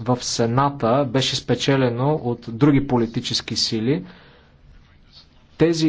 в Сената беше спечелено от други политически сили. Тези